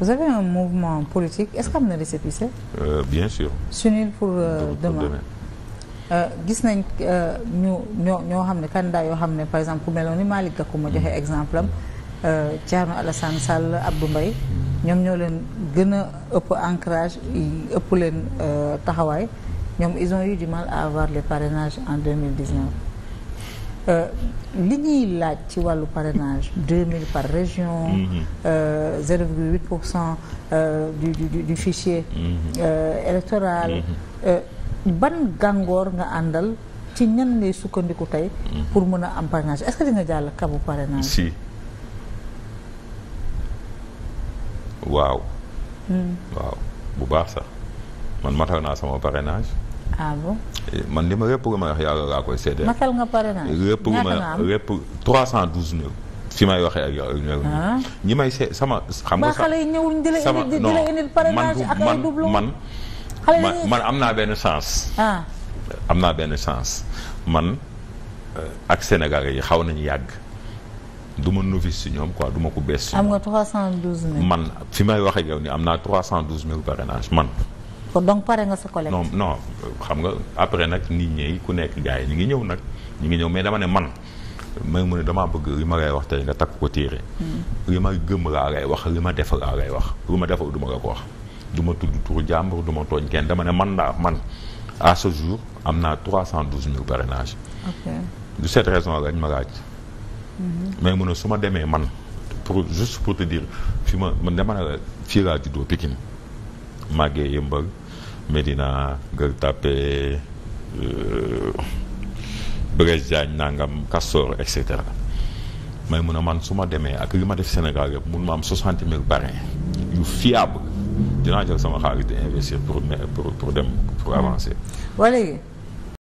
vous avez un mouvement politique est-ce na récépissé. Euh, bien sûr. s'unir euh, pour demain euh, gis nañ ñu ñoo ñoo xam ne candidat yoo xam ne par exemple ku meloon ni Malick ku ma joxe mm. exemple am Thierno Alassane Sall Abdou mbay ñoom ñoo leen gën a ëpp ancrage ëpp leen taxawaay ñoom ils ont eu du mal à avoir les parrainages en Euh, li ñuy laaj ci wàllu parrainage deux mille par région. Mm-hmm. Euh, zéro virgule huit pour cent euh, du du du fichier. Mm-hmm. électoral. Mm-hmm. ban gàngoor nga àndal ci ñan lay sukkandiku tey. pour mën a am parrainage est-ce que di jàll kabu parrainage. si waaw. Hmm. waaw bu baax sax man matal naa sama parrainage. Ah, eh, man li ma lépp lu ma wax yàlla laa koy seede. matal nga pare naa lépp lu ma lépp 312 000. fi may waxee ak yow ak ñoom ñi ah. may see sama. xam nga xale yi ñëwul di la indi di la man man man am naa benn chance. Ah. am naa benn chance man euh, ak Sénégalais yi xaw nañu yàgg du ma novice si ñoom quoi du ma ko bees. am nga 312 000 man fi may wax ak yow nii am naa 312 000 parrainage man. kon donc pare nga sa collègue. non non xam nga après nag nit ñi ku nekk gars yi ñu ngi ñëw nag ñu ngi ñëw mais dama ne man ma mu ne damaa bëgg li ma lay wax tey nga takk ko téere mm. li ma gëm laa lay wax li ma def laa lay wax lu ma def du ma ko wax du ma tudd turu jàmbur du ma tooñ kenn dama ne man daa man à ce jour am naa trois cent douze mille parrainage du cette raison lañ ma laaj mm-hmm. mais mu ne su ma demee man pour juste pour te dire fi ma man dama ne la fii laa juddoo Pikine màggee yëmbal Médina Gueule Tapée euh, Blaise Diagne nangam Castor et cetera may mun a man su ma demee ak li ma def Sénégal yëpp mun ma am soixante mille parrain yu fiable dinaa jël sama xaalis di investir pour pour pour dem pour avancer. waa léegi.